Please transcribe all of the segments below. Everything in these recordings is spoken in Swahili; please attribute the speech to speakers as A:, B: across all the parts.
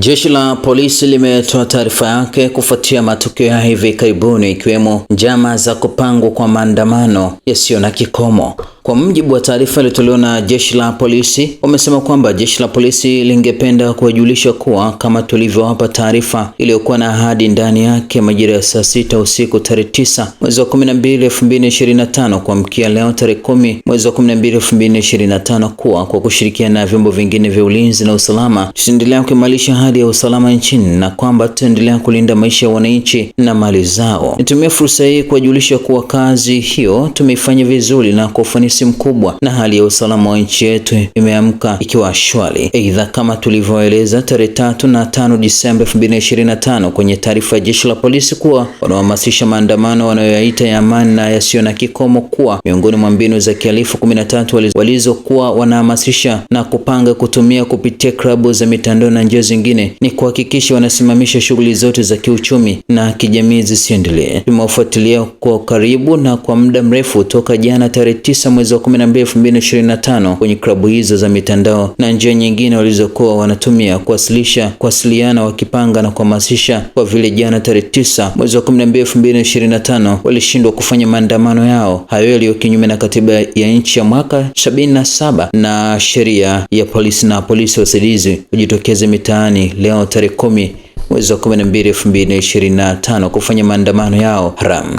A: Jeshi la polisi limetoa taarifa yake kufuatia matukio ya hivi karibuni ikiwemo njama za kupangwa kwa maandamano yasiyo na kikomo. Kwa mujibu wa taarifa iliyotolewa na jeshi la polisi, wamesema kwamba jeshi la polisi lingependa kuwajulisha kuwa kama tulivyowapa taarifa iliyokuwa na ahadi ndani yake majira ya saa sita usiku tarehe tisa mwezi wa 12 2025 kuamkia leo tarehe kumi mwezi wa na tano kuwa kwa kushirikiana na vyombo vingine vya ulinzi na usalama tutaendelea kuimarisha hali ya usalama nchini na kwamba tutaendelea kulinda maisha ya wananchi na mali zao. Nitumia fursa hii kuwajulisha kuwa kazi hiyo tumeifanya vizuri na kwa ufanisi wasiwasi mkubwa na hali ya usalama wa nchi yetu imeamka ikiwa shwari. Aidha, kama tulivyoeleza tarehe tatu na tano Disemba 2025 kwenye taarifa ya jeshi la polisi kuwa wanaohamasisha maandamano wanayoyaita ya amani na yasiyo na kikomo kuwa miongoni mwa mbinu za kihalifu 13 walizokuwa wanahamasisha na kupanga kutumia kupitia klabu za mitandao na njia zingine ni kuhakikisha wanasimamisha shughuli zote za kiuchumi na kijamii zisiendelee. Tumewafuatilia kwa karibu na kwa muda mrefu toka jana tarehe tisa mwezi wa 12 2025 kwenye klabu hizo za mitandao na njia nyingine walizokuwa wanatumia kuwasilisha, kuwasiliana, wakipanga na kuhamasisha. Kwa vile jana tarehe 9 mwezi wa 12 2025 walishindwa kufanya maandamano yao hayo yaliyo kinyume na katiba ya nchi ya mwaka 77 na sheria ya polisi na polisi wasaidizi kujitokeza mitaani leo tarehe 10 mwezi wa 12 2025 kufanya maandamano yao haramu.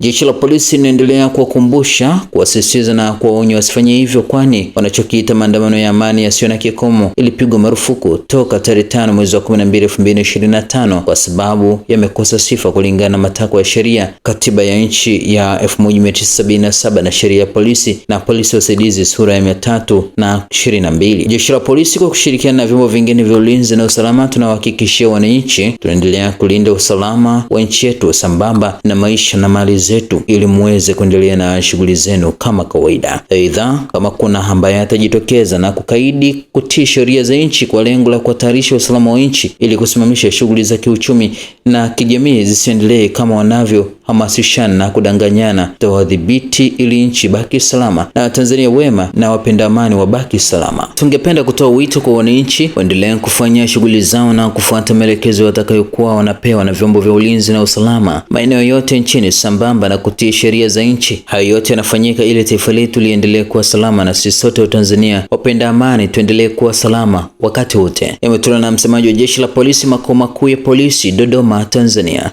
A: Jeshi la polisi linaendelea kuwakumbusha, kuwasisitiza na kuwaonya wasifanye hivyo, kwani wanachokiita maandamano ya amani yasiyo na kikomo ilipigwa marufuku toka tarehe tano mwezi wa 12 2025 kwa sababu yamekosa sifa kulingana na matakwa ya sheria, katiba ya nchi ya 1977 na sheria ya polisi na polisi wasaidizi sura ya 322. Jeshi la polisi kwa kushirikiana na vyombo vingine vya ulinzi na usalama, tunawahakikishia wananchi tunaendelea kulinda usalama wa nchi yetu sambamba na maisha na mali zetu ili muweze kuendelea na shughuli zenu kama kawaida. Aidha, kama kuna ambaye atajitokeza na kukaidi kutii sheria za nchi kwa lengo la kuhatarisha usalama wa nchi ili kusimamisha shughuli za kiuchumi na kijamii zisiendelee kama wanavyo kuhamasishana, kudanganyana. Tawadhibiti ili nchi baki salama na Watanzania wema na wapenda amani wabaki salama. Tungependa kutoa wito kwa wananchi waendelee kufanya shughuli zao na kufuata maelekezo watakayokuwa wanapewa na vyombo vya ulinzi na usalama maeneo yote nchini, sambamba na kutii sheria za nchi. Hayo yote yanafanyika ili taifa letu liendelee kuwa salama, na sisi sote Watanzania wapenda amani tuendelee kuwa salama wakati wote. Imetolewa na msemaji wa jeshi la polisi makao makuu ya polisi Dodoma, Tanzania.